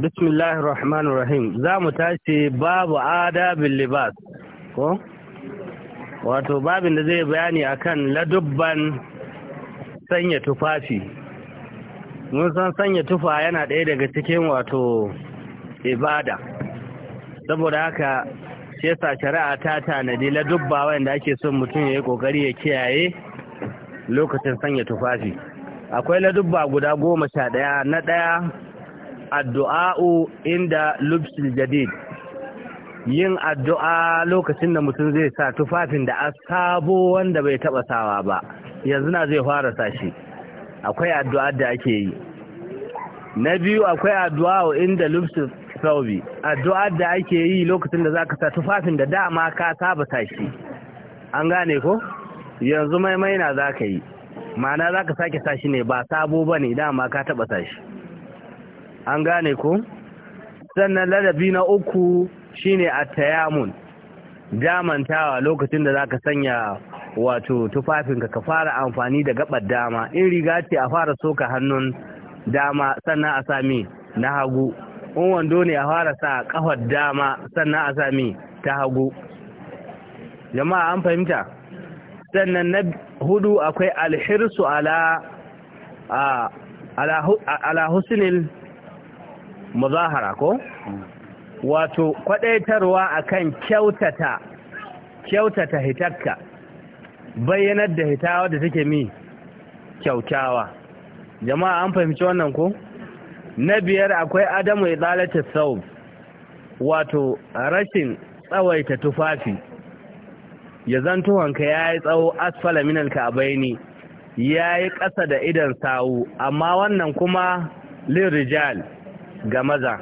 Bismillahi rahmanir za mu tashi babu adabin libas ko wato babin da zai bayani akan ladubban sanya tufafi mun san sanya tufa yana ɗaya daga cikin wato ibada saboda haka shi yasa shari'a ta tanadi ladubba wanda ake son mutum ya yi ƙoƙari ya kiyaye lokacin sanya tufafi akwai ladubba guda goma sha ɗaya na ɗaya addu'a'u inda lubsil jadid yin addu'a lokacin da mutum zai sa tufafin da a sabo wanda bai taba sawa ba yanzu na zai fara sashi akwai addu'a da ake yi na biyu akwai addu'a inda lubsil saubi addu'a da ake yi lokacin da zaka sa tufafin da dama ka saba sashi an gane ko yanzu maimaina zaka yi ma'ana zaka sake sashi ne ba sabo bane dama ka taba sashi an gane ku sannan ladabi na uku shine a tayamun damantawa lokacin da zaka sanya wato tufafinka ka fara amfani da gabar dama in riga ce a fara soka hannun dama sannan a sami na hagu in wando ne a fara sa kafar dama sannan a sami ta hagu jama'a an fahimta sannan na hudu akwai alhirsu ala ala husnil muzahara ko wato kwadaitarwa akan kyautata kyautata hitakka bayyanar da hitawa da take mi kyautawa jama'a an fahimci wannan ko na biyar akwai adamu idalati saub wato rashin tsawaita tufafi ya zantuwanka ya yi tsawo asfala minal ka'abaini ya yi ƙasa da idan sawu amma wannan kuma lirijal. ga maza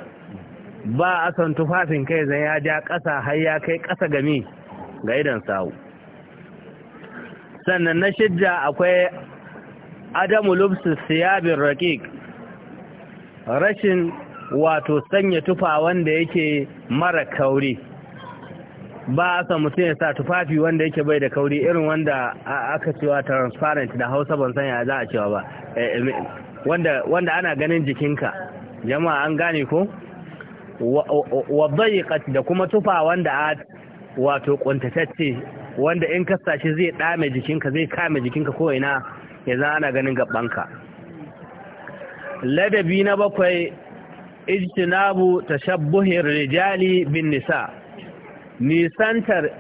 ba a son tufafin kai zai ya ja ƙasa har ya kai ƙasa game ga idan sawu sannan na shidda akwai adamu lubsu siyabin raƙiƙ rashin wato sanya tufa wanda yake mara kauri ba a san mutum ya sa tufafi wanda yake bai da kauri irin wanda aka cewa transparent da hausa ban sanya za a cewa ba eh, eh, wanda ana ganin jikinka jama'a an gane ko wa dayiqat da kuma tufa wanda a wato kuntatacce wanda in ka sashi zai dame jikinka zai kame jikinka ko ina ya zana ana ganin gabanka ladabi na bakwai ijtinabu tashabbuhir rijali bin nisa nisantar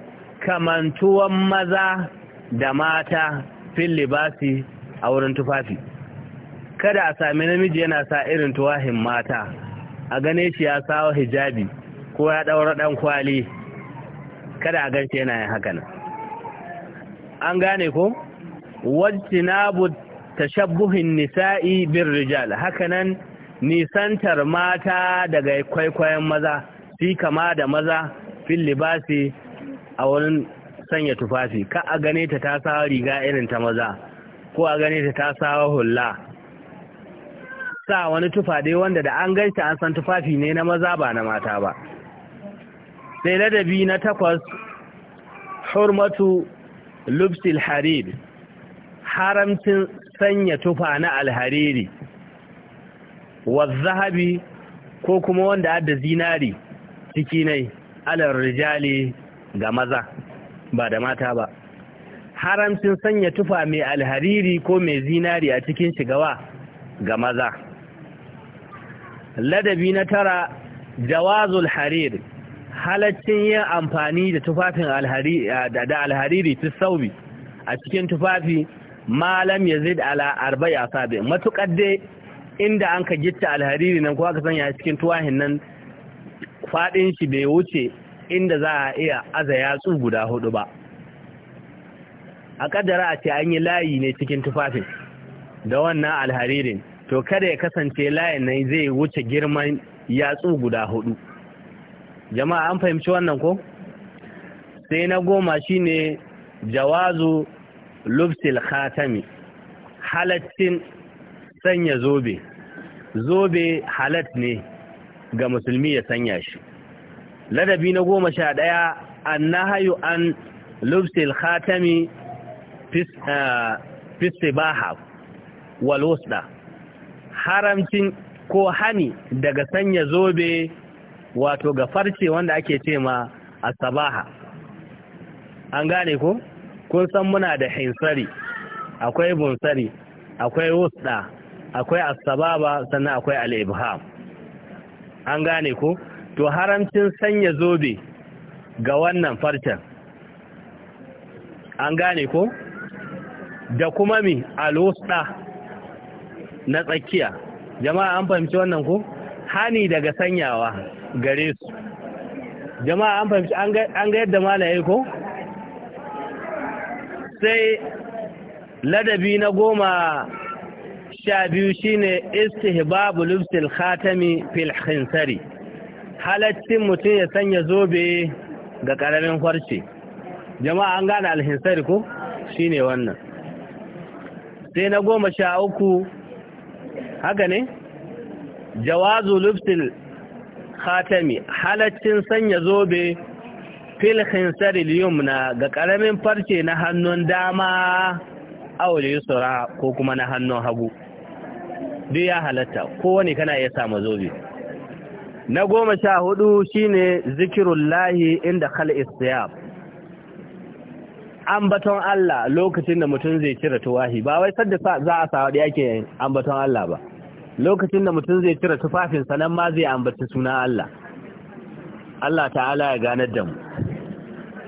kamantuwan maza da mata fil libasi a wurin tufafi kada a sami namiji yana sa irin tuwahin mata a gane shi ya sawa hijabi ko ya ɗaura ɗan kwali kada a gan shi yana yin haka an gane ko wajtinabu tashabbuhin nisa'i Bin rijal haka nan nisantar mata daga kwaikwayon maza fi kama da maza fil libasi a wurin sanya tufafi ka a gane ta ta sawa riga irin ta maza ko a gane ta ta sawa hulla sa wani tufa dai wanda da an gaita an san tufafi ne na maza ba na mata ba sai ladabi na takwas hurmatu lubsil harir haramcin sanya tufa na alhariri wa zahabi ko kuma wanda adda zinari ciki nai alar rijali ga maza ba da mata ba haramcin sanya tufa mai alhariri ko mai zinari a cikin shigawa ga maza ladabi na tara jawazul harir halaccin yin amfani da tufafin da alhariri ta saubi a cikin tufafi malam yazid ala arba'i asabi Matuƙar dai inda an ka gitta alhariri nan kuma ka sanya cikin tuwahin nan fadin shi bai wuce inda za a iya aza yatsu guda hudu ba a ƙaddara a ce an yi layi ne cikin tufafin da wannan alharirin to kada ya kasance layin nan zai wuce girman yatsu guda hudu jama'a an fahimci wannan ko sai na goma shine jawazu lubsil khatami halattin sanya zobe zobe halat ne ga musulmi ya sanya shi ladabi na goma sha ɗaya an na hayu an lubsil khatami fisibaha eh, walwusda haramcin ko hani daga sanya zobe wato ga farce wanda ake ce ma asabaha an gane ko kun san muna da hinsari akwai bunsari akwai wusda akwai asababa sannan akwai al-ibham an gane ko to haramcin sanya zobe ga wannan farcen an gane ko da kuma mi al-wusda na tsakiya jama'a an fahimci wannan ko hani daga sanyawa gare su jama'a an fahimci an ga yadda malaye ko sai ladabi na goma sha biyu shine istihbabu lubsil khatami fil khinsari halaccin mutum ya sanya zobe ga karamin kwarce jama'a an gane alhinsari ko shine wannan sai na goma sha uku haka ne jawazu lubsil khatami halaccin sanya zobe fil khinsari yumna ga karamin farce na hannun dama aw yusra ko kuma na hannun hagu duk ya halatta kowane kana iya samu zobe na goma sha hudu shine zikirullahi inda khal'is siyab ambaton Allah lokacin da mutum zai cire tuwahi ba wai sadda za a sawa da yake ambaton Allah ba lokacin da mutum zai cire tufafinsa nan ma zai ambaci suna Allah Allah ta'ala ya ganar da mu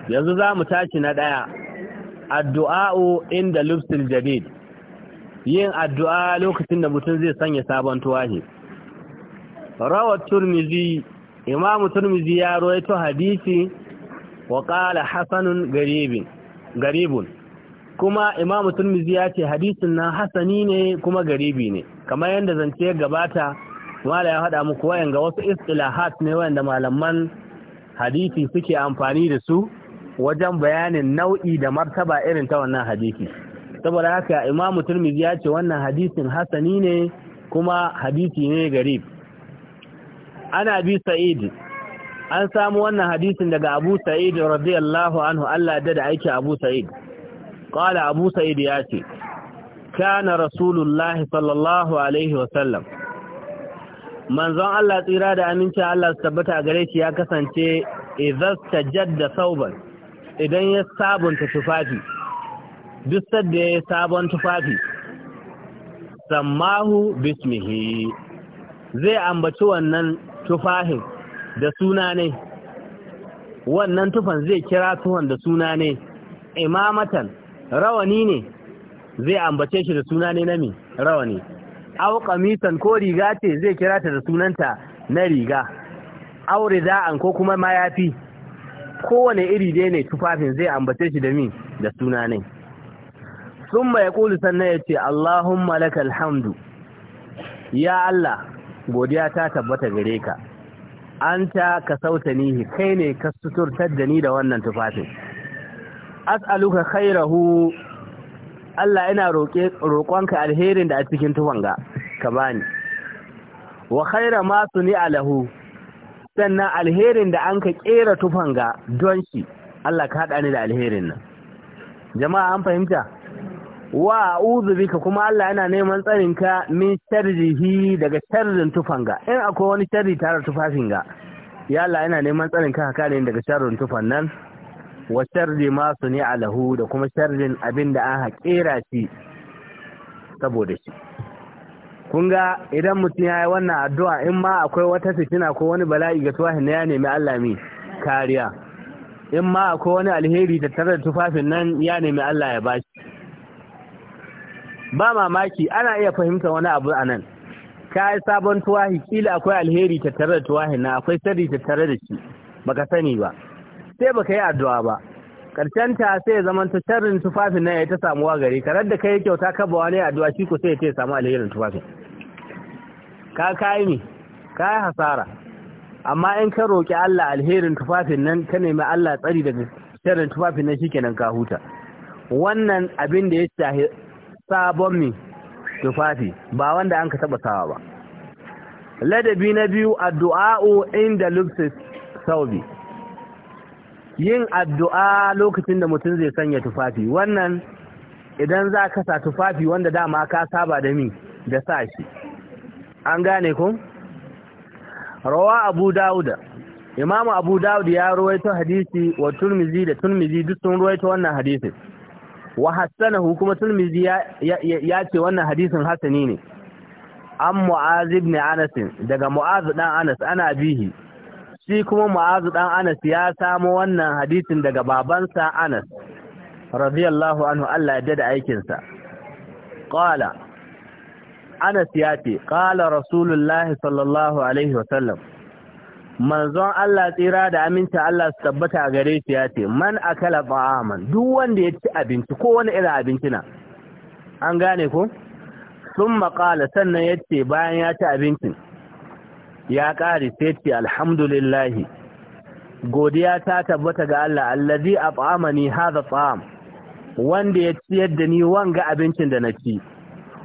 yanzu za mu tashi na ɗaya addu'a'u inda lubsil jadid yin addu'a lokacin da mutum zai sanya sabon tuwahi rawar turmizi imamu turmizi ya roito hadisi wa ƙala hasanun garibun kuma imamu turmizi ya ce hadisin nan hasani ne kuma garibi ne kamar yadda zance gabata mala ya haɗa muku wayan ga wasu istilahat ne da malaman hadisi suke amfani da su wajen bayanin nau'i da martaba irin ta wannan hadisi saboda haka imamu turmizi ya ce wannan hadisin hasani ne kuma hadisi ne garib ana bi sa'id an samu wannan hadisin daga abu sa'id radiyallahu anhu Allah da da aiki abu sa'id qala abu sa'id ya ce kana rasulullah sallallahu alaihi wasallam manzon Allah tsira da amincin Allah su tabbata gare shi ya kasance idan tajadda sauban idan ya sabunta tufafi duk sadda ya sabon tufafi sammahu bismihi zai ambaci wannan tufafin da suna ne wannan tufan zai kira tuhon da suna ne imamatan rawani ne zai ambace shi da suna ne na mi rawani aw qamisan ko riga ce zai kira ta da sunanta na riga aw rida'an ko kuma mayafi kowane iri dai ne tufafin zai ambace shi da mi da suna ne summa yaqulu sannan yace Allahumma lakal hamdu ya Allah godiya ta tabbata gare ka anta ka ni kai ne ka suturtar da ni da wannan tufafin as'aluka khairahu Allah ina roƙe roƙonka alherin da a cikin tufanga, ka bani wa khaira ma suni alahu sannan alherin da an ka kera tufanga don shi Allah ka haɗa ni da alherin nan jama'a an fahimta wa a'udhu bika kuma Allah yana neman tsarin ka min sharrihi daga sharrin tufanga in akwai wani sharri tare tufafin ga ya Allah yana neman tsarin ka ka ne daga sharrin tufan nan wa sharri ma su ne alahu da kuma sharrin abin da an haƙera shi saboda shi kun ga idan mutum ya yi wannan addu'a in ma akwai wata fitina ko wani bala'i ga tuwa ya nemi Allah mai kariya in ma akwai wani alheri tattare da tufafin nan ya nemi Allah ya bashi ba mamaki ana iya fahimta wani abu a nan ka yi sabon tuwahi kila akwai alheri tattare da tuwahi na akwai sadi tattare da shi baka sani ba sai ka yi addu'a ba karshen ta sai zaman ta sharrin tufafin nan ya ta samuwa gari karar da yi kyauta ka ba wani addu'a shi ko sai ya ce samu alherin tufafin ka kayi ne, ka yi hasara amma in ka roƙi Allah alherin tufafin nan ka nemi Allah tsari daga sharrin tufafin nan shikenan ka huta wannan abin da ya shahi sabon mi tufafi ba wanda an ka taba sawa ba ladabi na biyu addu'a'u inda lubsis saubi yin addu'a lokacin da mutum zai sanya tufafi wannan idan za ka sa tufafi wanda dama ka saba da mi da sa shi an gane ku rawa abu dauda imamu abu dauda ya ruwaito hadisi wa turmizi da turmizi duk sun ruwaito wannan hadisi wa hassanahu kuma turmizi ya ce wannan hadisin Hassani ne an mu'az ibn anas daga mu'az dan anas ana bihi shi kuma ma'azu ɗan anas ya samo wannan hadisin daga babansa anas radiyallahu anhu Allah ya dada aikinsa qala anas ya ce qala rasulullahi sallallahu alaihi wasallam manzon Allah tsira da aminta Allah su tabbata a gare shi ya ce man akala ba'aman duk wanda ya ci abinci ko wani irin abinci na an gane ko sun maƙala sannan ya ce bayan ya ci abincin ya ƙari sai ce alhamdulillahi godiya ta tabbata ga Allah allazi at'amani hadha ta'am wanda ya ciyar da ni wanga abincin da na ci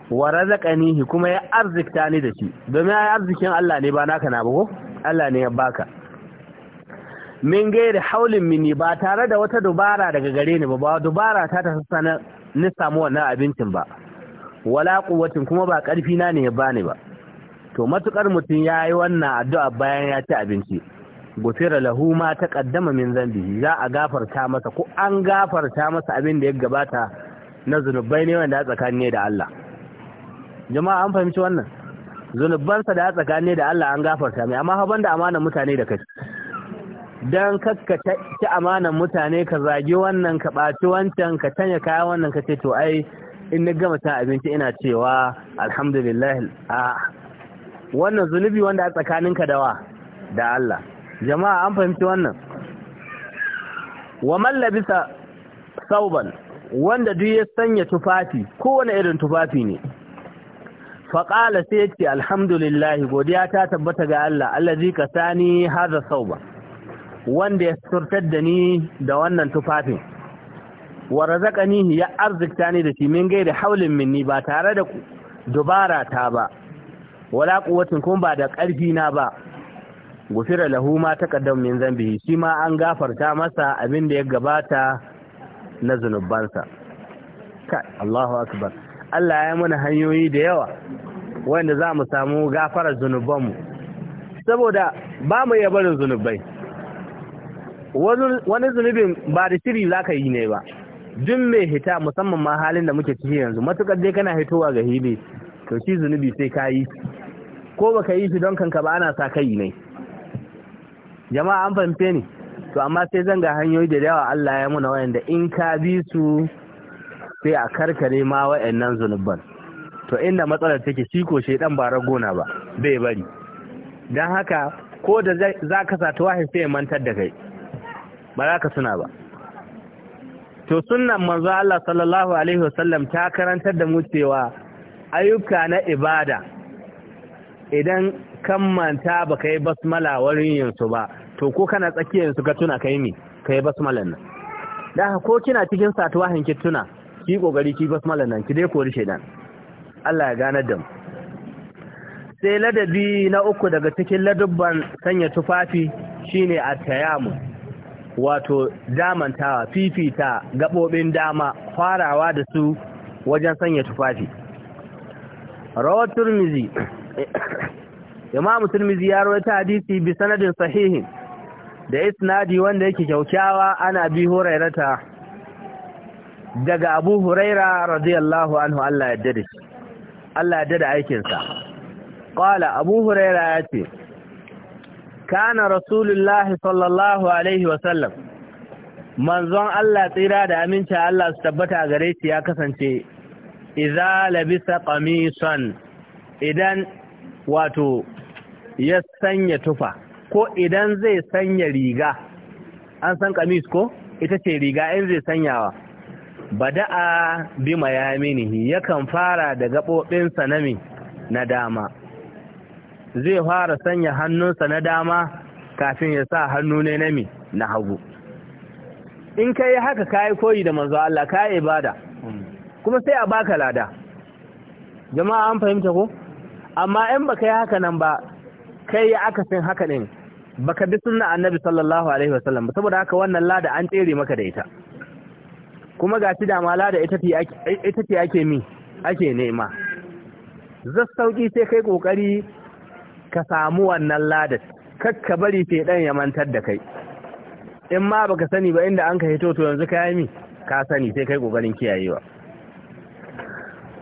wa razaqanihi kuma ya arzikta ni da shi domin ai arzikin Allah ne ba naka na ba Allah ne ya baka min gairi haulin mini ba tare da wata dubara daga gare ni ba ba dubara ta ta sana ni samu wannan abincin ba wala quwwatin kuma ba karfi na ne ya bani ba to matukar mutum ya yi wannan addu'a bayan ya ci abinci gufira lahu ma ta kaddama min zambi za a gafarta masa ko an gafarta masa abin da ya gabata na zunubai ne wanda ya tsakani da Allah jama'a an fahimci wannan zunubansa da ya tsakani da Allah an gafarta mai amma haban da amanar mutane da kai dan kakka ci amanar mutane ka zagi wannan ka ɓaci wancan ka tanya kaya wannan ka ce to ai in na gama cin abinci ina cewa alhamdulillah wannan zunubi wanda a tsakaninka da wa da Allah jama'a an fahimci wannan wa mallabisa sauban wanda duk ya sanya tufafi kowane irin tufafi ne faƙala sai ce alhamdulillahi godiya ta tabbata ga Allah allazi ka sani haza sauba wanda ya surtar da ni da wannan tufafin wa razaqani ya arzikta ni da shi min gaida haulin minni ba tare da dubara ta ba wala kuwatin kuma ba da ƙarfi na ba gufira lahu ma taqaddam min zambihi shi ma an gafarta masa abin da ya gabata na zunubansa kai Allahu akbar Allah ya mana hanyoyi da yawa wanda za mu samu gafarar zunubanmu saboda ba mu iya barin zunubai wani zunubin ba da shiri za ka yi ne ba duk mai hita musamman ma halin da muke ciki yanzu matukar dai kana hitowa ga hili to shi zunubi sai ka yi ko baka yi shi don kanka ba ana sa kai ne jama'a an fahimce ni to amma sai zan ga hanyoyi da yawa Allah ya muna wayanda in ka bi su sai a karkare ma wayannan zunuban to inda matsalar take shi ko shedan ba ragona ba bai bari dan haka ko da za ka sata wahin sai mantar da kai ba za ka suna ba to sunnan manzo Allah sallallahu alaihi wasallam ta karantar da mu cewa ayyuka na ibada idan kan manta ba ka yi basmala wurin yinsu ba to ko kana tsakiyar su ka tuna ka yi mi ka yi basmalan nan da ko kina cikin satuwa hanki tuna ki kokari ki basmalan nan ki dai kori shaidan Allah ya ganar da sai ladabi na uku daga cikin ladubban sanya tufafi shine a tayamu wato damantawa fifita gabobin dama farawa da su wajen sanya tufafi Rawar turmizi imam musulmi ya ta hadisi bi sanadin sahihin da isnadi wanda yake kyaukyawa ana bi hurairata daga abu huraira radiyallahu anhu Allah ya dade Allah ya dade aikinsa qala abu huraira ya ce kana rasulullahi sallallahu alaihi wa sallam manzon Allah tsira da aminci Allah su tabbata gare shi ya kasance idza labisa qamisan idan wato ya sanya tufa ko idan zai sanya riga an san kamis ko ita ce riga in zai sanyawa bada'a bi mayaminihi yakan fara da gaɓoɓinsa na na dama zai fara sanya hannunsa na dama kafin ya sa hannu ne nami na hagu in ka yi haka kayi koyi da manzo Allah ka yi ibada hmm. kuma sai a baka lada jama'a an fahimta ko amma in baka yi haka nan ba kai ya akasin haka din baka bi sunna annabi sallallahu alaihi wasallam saboda haka wannan lada an tsere maka da ita kuma ga shi dama lada ita ce ake mi ake nema zassauki sai kai kokari ka samu wannan lada, kakka bari ɗan ya mantar da kai in ma baka sani ba inda an ka hito to yanzu ka yi mi ka sani sai kai kokarin kiyayewa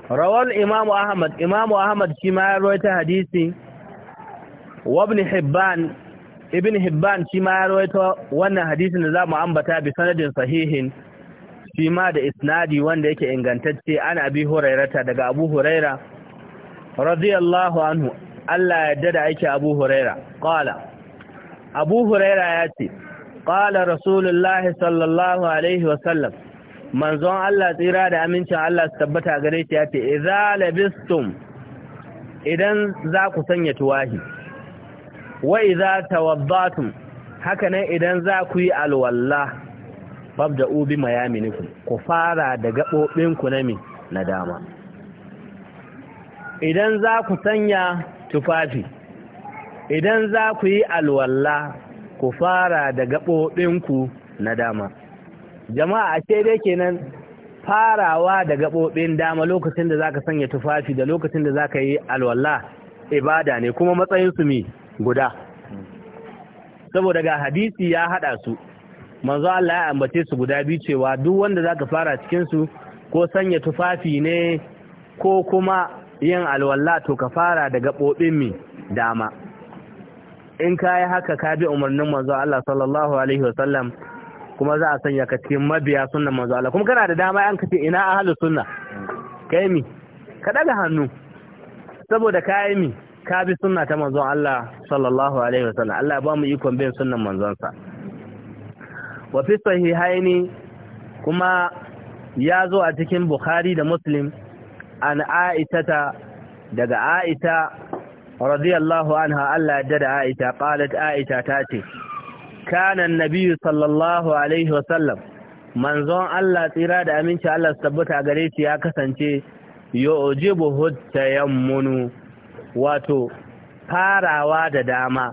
rawar imamu ahmad imamu ahmad shi ma ya rawaita hadisi ibn hibban ibn hibban shi ma ya rawaita wannan hadisin da za ambata bi sanadin sahihin shi ma da isnadi wanda yake ingantacce ana abi hurairata daga abu huraira radiyallahu anhu Allah ya dada aiki abu huraira qala abu huraira ya ce qala rasulullahi sallallahu alaihi wa sallam. manzon Allah tsira da amincin Allah su tabbata gare shi ya ce idza labistum idan za ku sanya tuwahi wa idza tawaddatum haka nan idan za ku yi alwalla babda ubi mayaminikum ku fara da gabobin ku na nadama idan za ku sanya tufafi idan za ku yi alwalla ku fara da gaɓoɓinku na dama jama'a ashe dai kenan farawa da gaɓoɓin dama lokacin da zaka sanya tufafi da lokacin da zaka yi alwala ibada ne kuma matsayin su mi guda saboda ga hadisi ya haɗa su manzo Allah ya ambace su guda biyu cewa duk wanda zaka fara cikin su ko sanya tufafi ne ko kuma yin alwala to ka fara da gaɓoɓin mi dama in ka yi haka ka bi umarnin manzo Allah sallallahu alaihi wasallam kuma za a sanya ka cikin mabiya sunnan manzo Allah kuma kana da dama an kace ina ahlu sunna kai mi ka daga hannu saboda kai mi ka bi sunna ta manzon Allah sallallahu alaihi wasallam Allah ya ba mu ikon bin sunnan manzon sa wa fi sahihaini kuma ya zo a cikin Bukhari da Muslim an Aisha daga Aisha radiyallahu anha Allah ya da Aisha qalat Aisha ta ce kana nabiyu sallallahu alaihi wasallam manzon Allah tsira da aminci Allah su tabbata gare shi ya kasance yu'jibu hutayammunu wato farawa da dama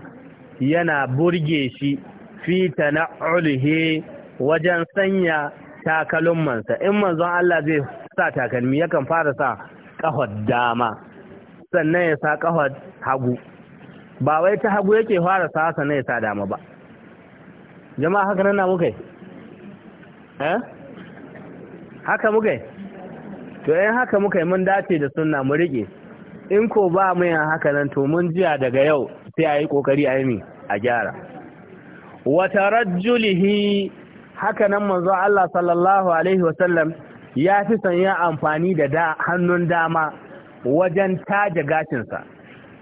yana burge shi fi tana'ulhi wajen sanya takalmansa, in manzon Allah zai sa takalmi yakan fara sa kahon dama sannan ya sa kahon hagu ba wai ta hagu yake fara sa sannan ya sa dama ba jama'a haka nan na muka eh haka muka to eh haka muka mun dace da sunna mu rike in ko ba mu yin haka nan to mun jiya daga yau sai ayi kokari a yi a gyara wata rajulihi haka nan manzo Allah sallallahu alaihi sallam ya fi son ya amfani da da hannun dama wajen taje gashinsa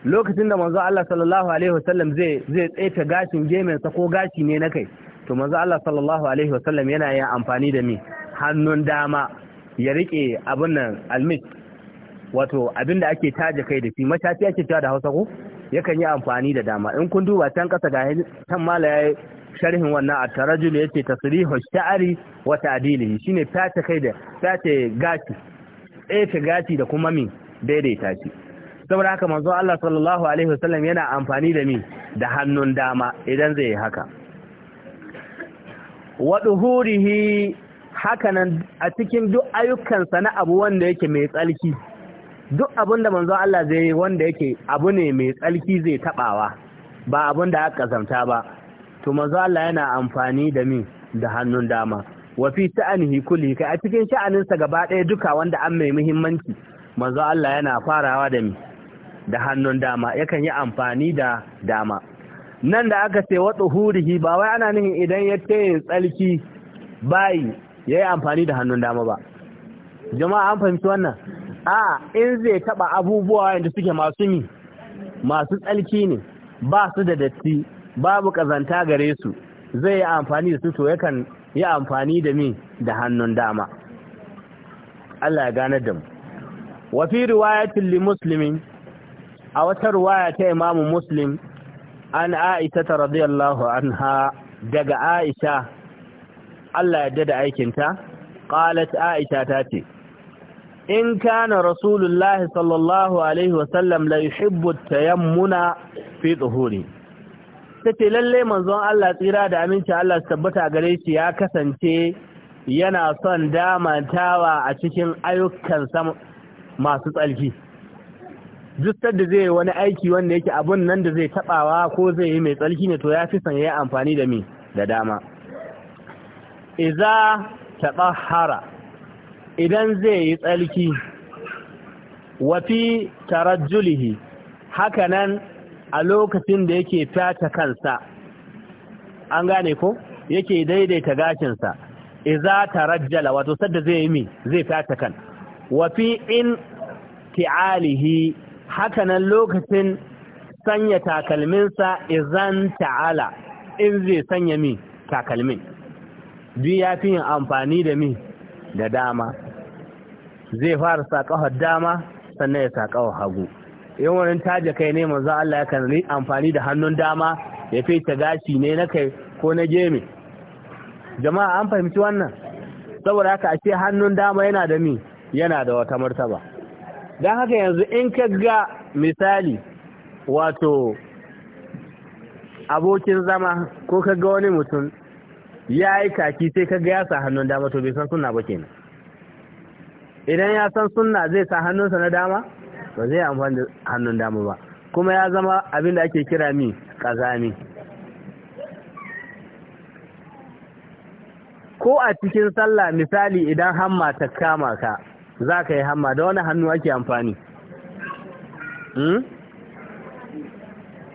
lokacin da manzo Allah sallallahu alaihi sallam zai zai tsaita gashin gemensa ko gashi ne na kai to manzo Allah sallallahu alaihi wasallam yana yin amfani da mi hannun dama ya rike abin nan almit wato abin da ake taje kai da shi matafi ake cewa da Hausa ko yakan yi amfani da dama in kun duba can kasa ga tan mala yayi sharhin wannan a tarajul yace tasrihu sha'ri wa ta'dilihi shine tace kai da tace eh ta da kuma mi daidaita shi saboda haka manzo Allah sallallahu alaihi wasallam yana amfani da mi da hannun dama idan zai yi haka wa hakanan a cikin duk ayyukansa na abu wanda yake mai tsalki duk abin manzo Allah zai yi wanda yake abu ne mai tsalki zai tabawa ba abin da aka zamta ba to manzo Allah yana amfani da min da hannun dama wa fi sha'anihi kulli kai a cikin sha'aninsa gaba ɗaya duka wanda an mai muhimmanci manzo Allah yana farawa da mi da hannun dama yakan yi amfani da dama nan da aka ce wata hurihi ba wai ana nufin idan ya ce tsarki bayi ya yi amfani da hannun dama ba jama'a an fahimci wannan a in zai taba abubuwa yadda suke masu mi masu tsarki ne ba su da datti babu kazanta gare su zai yi amfani da su to yakan yi amfani da mi da hannun dama Allah ya gane da mu wa fi riwayatin li muslimin a wata riwaya ta imamu muslim an aisha ta radiyallahu anha daga aisha Allah ya da aikinta qalat aisha ta ce in kana rasulullah sallallahu alaihi wa wasallam la yuhibbu tayammuna fi dhuhuri tace lalle manzon Allah tsira da aminci Allah tabbata gare shi ya kasance yana son damantawa a cikin ayyukan masu tsalki dustar da zai wani aiki wanda yake abun nan da zai tabawa ko zai yi mai tsarki ne to ya fi son ya yi amfani da mi da dama iza taɓahara idan zai yi tsarki wafi haka hakanan a lokacin da yake fata kansa an gane ko yake daidaita gashinsa iza tarajjala wato sadda zai yi mi zai fata kan wafi in ti'alihi hakanan lokacin sanya takalminsa izan ta'ala in zai sanya mi takalmin duk ya fi yin amfani da mi da dama zai fara saƙawar dama sannan ya saƙawar hagu yin wani taje kai ne za Allah ya kan amfani da hannun dama ya ta gashi ne na kai ko na gemi jama'a an fahimci wannan saboda haka ashe hannun dama yana da mi yana da wata martaba don haka yanzu in ka ga misali wato abokin zama ko ka wani mutum ya yi kaki sai ka ga ya sa hannun dama to bai san suna ba kenan idan ya san suna zai sa hannunsa na dama ba zai amfani da hannun dama ba kuma ya zama abinda ake kira mi kazami ko a cikin sallah misali idan hamma ta kama ka za ka yi hamma da wani hannu ake amfani hmm?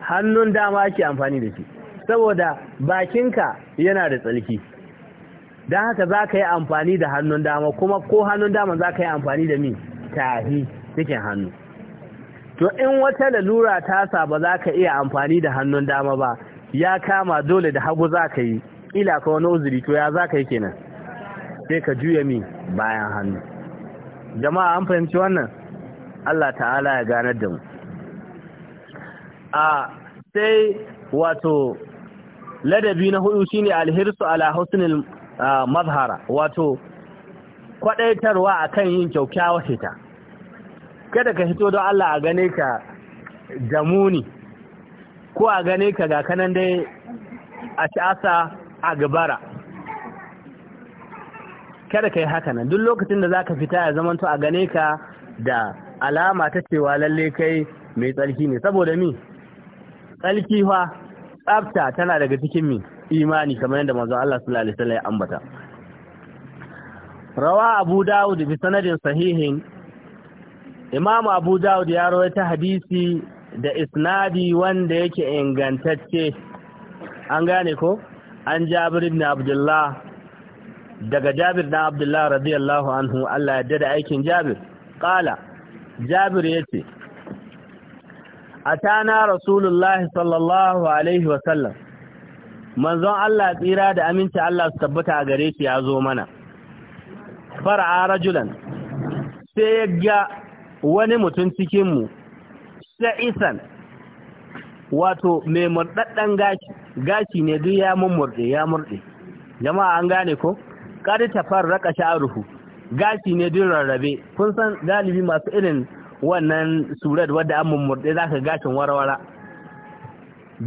hannun dama ake amfani da shi saboda bakinka yana da tsarki don haka za ka yi amfani da hannun dama kuma ko hannun dama za ka yi amfani da mi tahi cikin hannu to in wata lalura ta sa za ka iya amfani da hannun dama ba ya kama dole da hagu za ka yi ila ka wani uzuri to ya za ka yi kenan sai ka juya mi bayan hannu jama'a an fahimci wannan Allah ta'ala ya ganar da mu a sai wato ladabi na hudu shine alhirsu ala husnil mazhara wato kwadaitarwa akan yin kyaukyawa fita kada ka hito don Allah a gane ka jamuni ko a gane ka ga kanan dai a asa a gabara kada ka yi haka nan duk lokacin da za ka fita ya zamanto a gane ka da alama ta cewa lalle kai mai tsarki ne saboda mi tsarki fa tsafta tana daga cikin mi imani kamar yadda manzo Allah sallallahu alaihi wasallam ya ambata rawa Abu Dawud bi sanadin sahihin Imam Abu Dawud ya rawaita hadisi da isnadi wanda yake ingantacce an gane ko an Jabir ibn Abdullah daga Jabir da Abdullah radiyallahu anhu Allah ya da aikin Jabir qala Jabir yace atana rasulullahi sallallahu alaihi wa manzon Allah tsira da aminci Allah su tabbata a gare shi ya zo mana far'a rajulan sai ya ga wani mutum cikin mu sa'isan wato mai murɗaɗɗen gashi gashi ne duk ya mummurɗe ya murɗe jama'a an gane ko kada ta raka sha'ruhu gashi ne duk rarrabe kun san galibi masu irin wannan surat wadda an mummurde zaka gashin warwara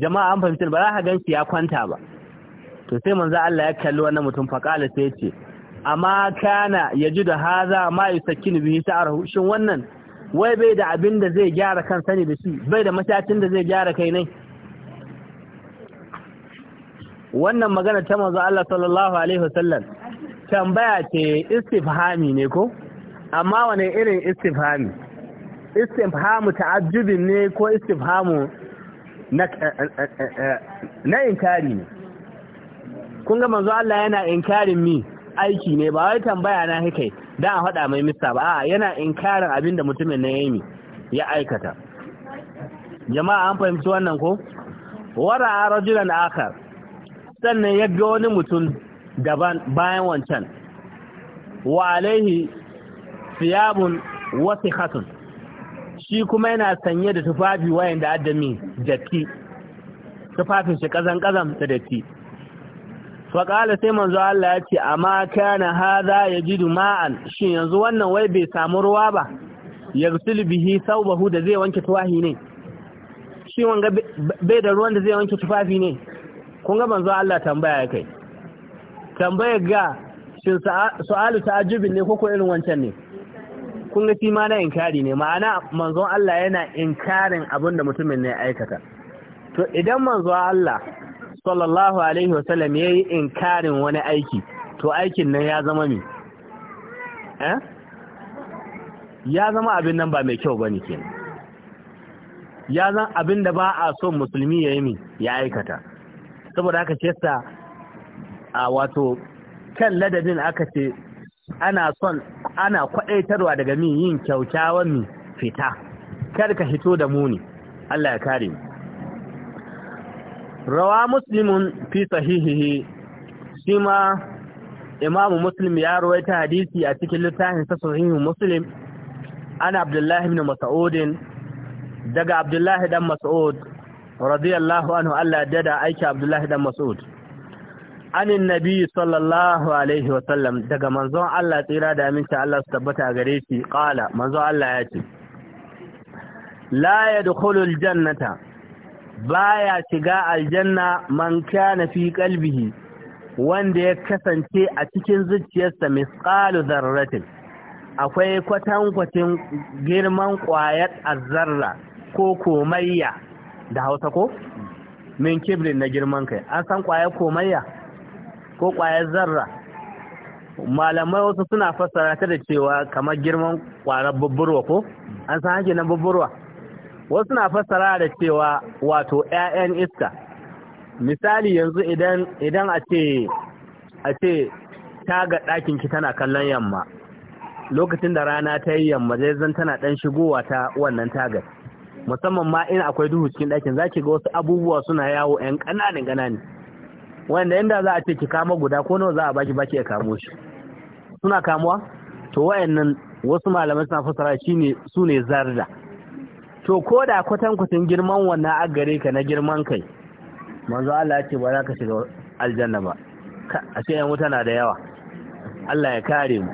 jama'a an fahimci ba za ka gan shi ya kwanta ba to sai manzo Allah ya kalli wannan mutum faqala sai ya ce amma kana yaji da haza ma yusakkinu bihi sha'ruhu shin wannan wai bai da abin da zai gyara kan sani da shi bai da matatin da zai gyara kai ne wannan magana ta manzo Allah sallallahu alaihi wasallam tambaya ce istifhami ne ko amma wane irin istifhami istifhamu ta'ajjubin ne ko istifhamu na eh, eh, eh, na inkari ne kun ga manzo Allah yana inkarin mi aiki ne ba wai tambaya na hikai dan a faɗa mai mista ba a yana inkarin abinda mutumin na yayi ya aikata jama'a an fahimci wannan ko wara rajulan akar sannan ya ga wani mutum daban bayan wancan wa alaihi siyabun wasu hatun shi kuma yana sanye da tufafi wayan da adami jaki tufafin shi kazan kazan da datti faƙala sai manzo Allah ya ce amma kana hadha yajidu ma'an shi yanzu wannan wai bai samu ruwa ba yaghsil bihi sawbahu da zai wanke tuwahi ne shi wanga bai da ruwan da zai wanke tufafi ne kun ga manzo Allah tambaya kai tambayar ga shin su'alu ta'ajibin ne ko kuma irin wancan ne kun ga tima na inkari ne ma'ana manzon Allah yana inkarin abin da mutumin ne aikata to idan manzon Allah sallallahu alaihi wasallam yayi inkarin wani aiki to aikin nan ya zama ne? eh ya zama abin nan ba mai kyau bane kenan ya zan abin da ba a so musulmi ya yi mi ya aikata saboda haka ce sa a wato kan ladabin aka ce ana son ana kwadaitarwa daga min yin kyaukyawan mi fita kar ka hito da muni Allah ya kare mu rawa muslimun fi sahihihi shi ma imamu muslim ya rawaita hadisi a cikin littafin sa sahihu muslim ana abdullahi ibn mas'ud daga abdullahi dan mas'ud radiyallahu anhu Allah ya dada aiki abdullahi dan mas'ud anin nabi sallallahu alaihi wasallam daga manzon Allah tsira da aminci Allah su tabbata gare shi kala manzon Allah ya ce la yadkhulul jannata baya shiga aljanna man kana fi qalbihi wanda ya kasance a cikin zuciyarsa misqalu dharratin akwai kwatankwacin girman ƙwayar azzarra ko komayya da hausa ko min kibrin na girman kai an san ƙwayar komayya ko ƙwayar zarra malamai wasu suna fassara ta da cewa kamar girman ƙwarar bubburwa ko an san hake na bubburwa wasu suna fassara da cewa wato 'ya'yan iska misali yanzu idan a ce a ce taga ɗakin ki tana kallon yamma lokacin da rana ta yi yamma zai zan tana ɗan shigowa ta wannan tagar musamman ma in akwai duhu cikin ɗakin za ki ga wasu abubuwa suna yawo 'yan ƙananan ƙananan wanda inda za a ce ki kama guda ko nawa za a baki baki ya kamo shi suna kamuwa to wayannan wasu malamai suna fassara shine su ne zarda to ko da kwatan-kwatan girman wannan a ka na girman kai manzo Allah ya ce ba za ka shiga aljanna ba a ce yan wuta na da yawa Allah ya kare mu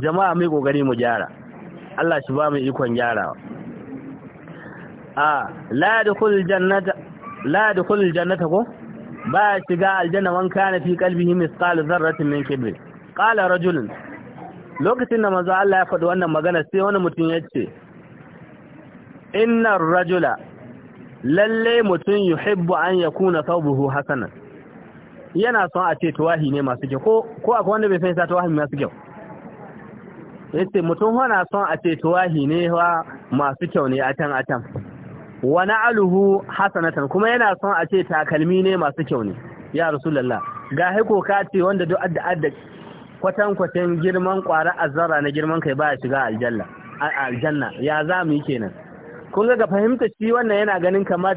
jama'a mai kokari mu gyara Allah shi ba mu ikon gyarawa a la yadkhul jannata la yadkhulul jannata ko ba shiga aljanna man kana fi qalbihi misqal dharratin min kibr qala rajulun lokacin da manzo Allah ya faɗi wannan magana sai wani mutum ya ce innar rajula lalle mutum yuhibbu an yakuna thawbuhu hasanan yana son a ce tawahi ne masu kyau ko ko akwai wanda bai san sa tuwahi masu kyau yace mutum yana son a ce tawahi ne wa masu kyau ne a can a can wa na'aluhu hasanatan kuma yana son a ce takalmi ne masu kyau ne ya rasulullah ga haiko ka ce wanda duk adda adda kwatan kwatan girman kwara azzara na girman kai baya shiga aljanna aljanna ya za mu yi kenan kun ga ga fahimta shi wannan yana ganin kamar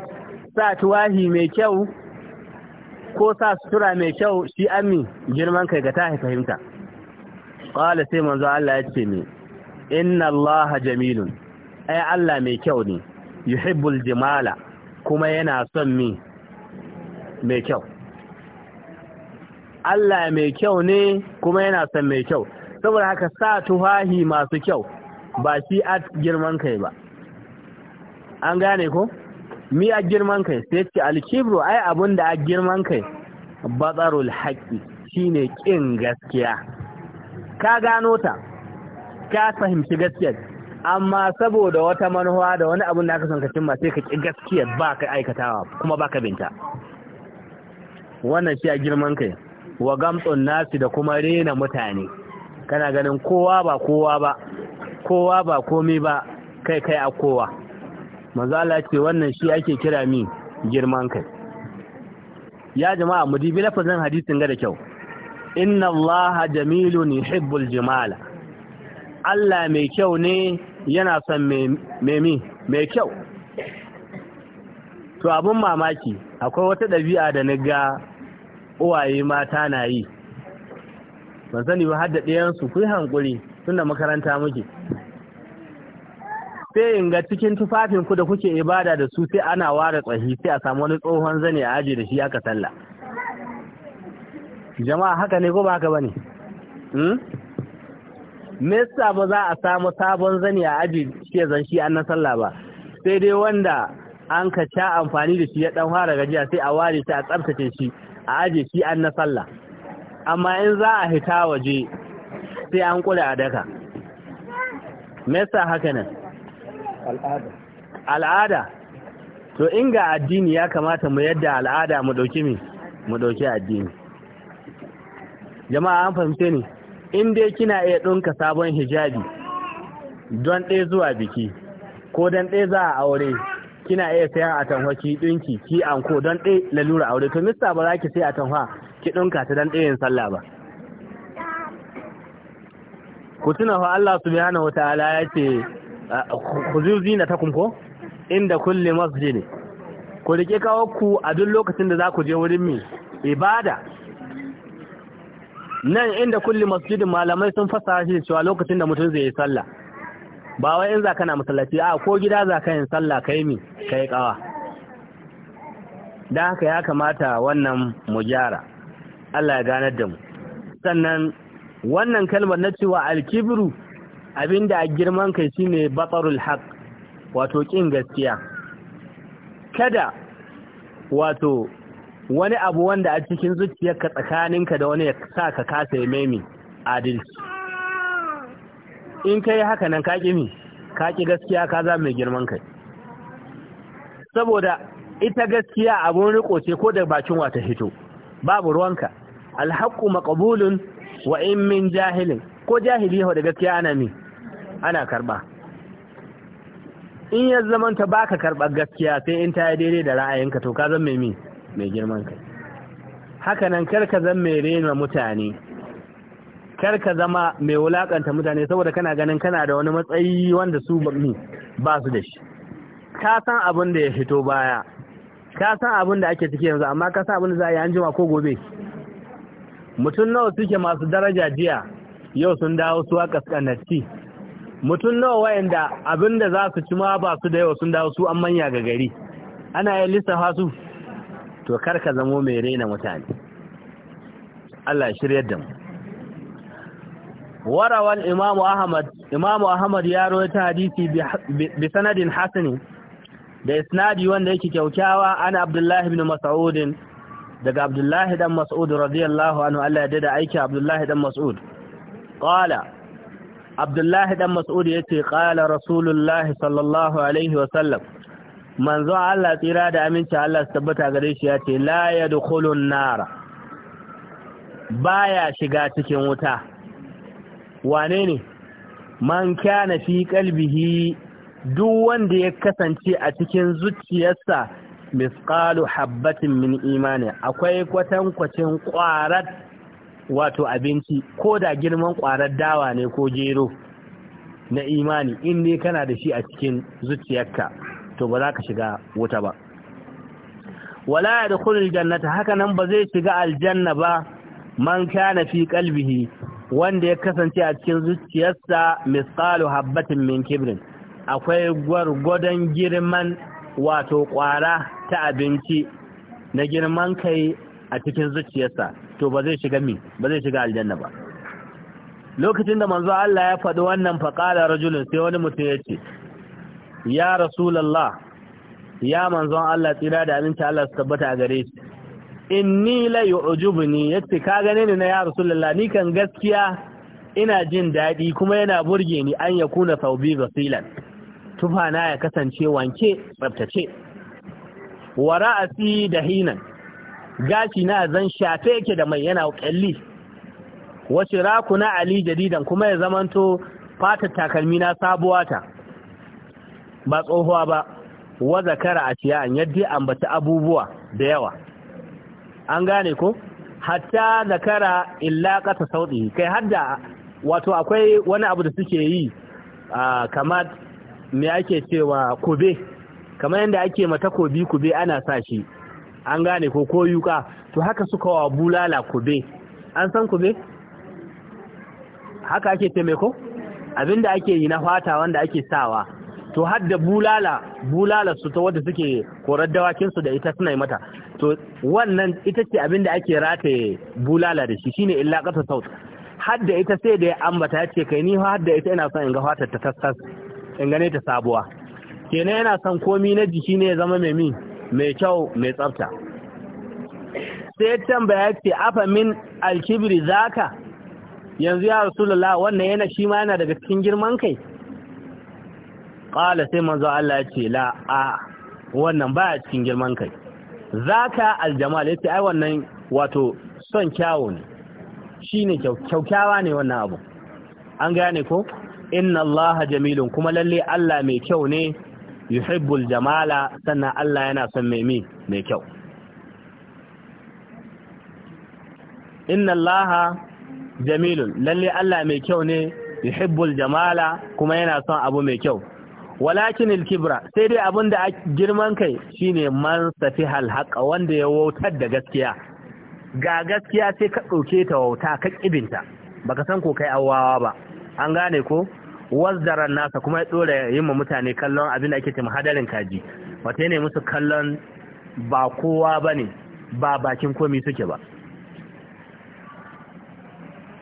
sa tuwahi mai kyau ko sa sutura mai kyau shi ami girman kai ga ta fahimta qala sai manzo Allah ya ce ni inna Allah jamilun ai Allah mai kyau ne yuhibbul jimala kuma yana son mi mai kyau Allah mai kyau ne kuma yana son mai kyau saboda haka sa tuhahi masu kyau ba shi a girman kai ba an gane ko mi a girman kai sai ce alkibru ai abun da a girman kai batsarul haƙi shine ƙin gaskiya ka gano ta ka fahimci gaskiya. amma saboda wata manuwa da wani abin da aka son kacin ma sai ka ƙi gaskiya ba ka aikatawa kuma ba ka binta wannan shi a girman kai wa gamtsun nasi da kuma rena mutane kana ganin kowa ba kowa ba kowa ba komi ba kai kai a kowa mazala ce wannan shi ake kira mi girman kai ya jama'a mu dibi lafazin hadisin ga da kyau inna allaha jamilun yuhibbul jimala Allah mai kyau ne yana son memi mai kyau to abin mamaki akwai wata ɗabi'a da na ga uwaye mata na yi ban sani ba har ɗayansu ku yi tun da makaranta muke sai in ga cikin tufafin ku da kuke ibada da su sai ana ware tsahi sai a samu wani tsohon zane a ajiye da shi aka sallah jama'a haka ne ko ba haka ba hmm? me yasa ba za a samu sabon zani a aji shi zan shi an sallah ba sai dai wanda an ka sha amfani da shi ya dan fara gajiya sai a ware shi a tsabtace shi a aje shi an na sallah amma in za a hita waje sai an kula a daka me yasa haka nan al'ada al'ada to in ga addini ya kamata mu yadda al'ada mu dauki mu dauki addini jama'a an fahimce ni in dai kina iya ɗinka sabon hijabi don ɗaya zuwa biki ko don ɗaya za a aure kina iya a tanwa ki ɗinki ki anko don ɗaya lalura aure to mista ba za ki sai tanwa ki ɗinka ta don ɗayan sallah ba ku tuna fa Allah subhanahu wa ta'ala ya ce ku zuzi na takunko? Inda inda kulli masjid ku rike kawo ku a duk lokacin da za ku je wurin mi ibada nan inda kulli masjidin malamai sun fasa shi cewa lokacin da mutum zai yi sallah ba wai in zaka na masallaci a ko gida ka yin sallah kai mi kai kawa dan haka ya kamata wannan mu gyara Allah ya ganar da mu sannan wannan kalmar na cewa al-kibru abinda a girman kai shine batarul haq wato kin gaskiya kada wato wani abu wanda a cikin zuciyarka tsakaninka da wani ya sa ka kasa ya maimi adalci in ka yi haka nan ka ƙi ka ƙi gaskiya ka za mai girman kai saboda ita gaskiya abun riko ce ko da bakin wata hito babu ruwanka alhaqqu maqbulun wa in min jahilin ko jahili ho da gaskiya ana mi ana karba in ya zamanta baka karɓar gaskiya sai in ta yi daidai da ra'ayinka to ka zama mai mi mai girman kai haka nan karka zama mai rena mutane karka zama mai wulakanta mutane saboda kana ganin kana da wani matsayi wanda su ba su da shi ka san abin da ya fito baya ka san abin da ake ciki yanzu amma ka san abin da za a yi an jima ko gobe mutum nawa suke masu daraja jiya yau sun dawo su a kaskanarci mutum nawa wayanda abin da za su ci ma ba su da yau sun dawo su an manya ga gari ana yin lissafa su to kar ka zamo mai raina mutane Allah shiryar da mu warawan imamu ahmad imamu ahmad ya rawaita hadisi bi sanadin hasani da isnadi wanda yake kyaukyawa an abdullahi ibn mas'ud daga abdullahi dan mas'ud radiyallahu anhu Allah ya dada aiki abdullahi dan mas'ud qala abdullahi dan mas'ud yace qala rasulullahi sallallahu alaihi wa sallam manzo Allah tsira da aminci Allah su tabbata gare shi ya ce la dukulun nara baya shiga cikin wuta wane ne man kana fi kalbihi duk wanda ya kasance a cikin zuciyarsa misqalu habbatin min imani akwai kwatankwacin kwarar wato abinci ko da girman kwarar dawa ne ko gero na imani in ne kana da shi a cikin zuciyarka to ba za ka shiga wuta ba wala yadkhulul jannata haka nan ba zai shiga aljanna ba man kana fi kalbihi wanda ya kasance a cikin zuciyarsa misqalu habbatin min kibrin akwai gwargwadon girman wato kwara ta abinci na girman kai a cikin zuciyarsa to ba zai shiga mi ba zai shiga aljanna ba lokacin da manzo Allah ya faɗi wannan faqala rajulun sai wani mutum ya ce ya rasulallah ya manzon Allah tsira da aminta Allah su tabbata a gare shi inni la yu'jibuni ce ka gane ni na ya rasulallah ni kan gaskiya ina jin daɗi kuma yana burge ni an ya kuna biyu tufa tufana ya kasance wanke tsaftace wa ra'asi da hinan gashi na zan shafe yake da mai yana kalli wa shiraku ali jadidan kuma ya zamanto fata takalmi na sabuwata ba tsohuwa ba wa zakara a ciyan yadda ambata abubuwa da yawa an gane ko hatta zakara illa kata sauɗi kai hadda wato akwai wani abu da suke yi kamar me ake cewa kube kamar yadda ake mata kobi kube ana sa shi an gane ko ko yuka to haka suka wa bulala kube an san kube haka ake ce ko. abinda ake yi na fata wanda ake sawa to har da bulala bulala su ta wadda suke korar dawakinsu da ita suna yi mata to wannan ita ce abin da ake rataye bulala da shi shine illa kasa saut har da ita sai da ya ambata ya ce kai ni har da ita ina son in ga fatar ta kaskas in gane ta sabuwa kenan yana son komi na jiki ne ya zama mai mi mai kyau mai tsafta sai tambaya ce afa min alkibri zaka yanzu ya rasulullah wannan yana shi ma yana daga cikin girman kai ƙala sai manzo Allah ya ce la a wannan baya cikin girman kai za ka aljamal ce ai wannan wato son kyawu ne shi ne kyaukyawa ne wannan abu an gane ko inna Allah jamilun kuma lalle Allah mai kyau ne yuhibbul jamala sannan Allah yana son mai mai kyau inna allaha jamilun lalle Allah mai kyau ne yuhibbul jamala kuma yana son abu mai kyau walakin al sai dai abin da girman kai shine man safihal haqa wanda ya wautar da gaskiya ga gaskiya sai ka dauke ta wauta ka kibinta baka san ko kai awawa ba an gane ko wazdaran nasa kuma ya dora yin ma mutane kallon abin da ake cewa hadarin kaji wata ne musu kallon ba kowa bane ba bakin komi suke ba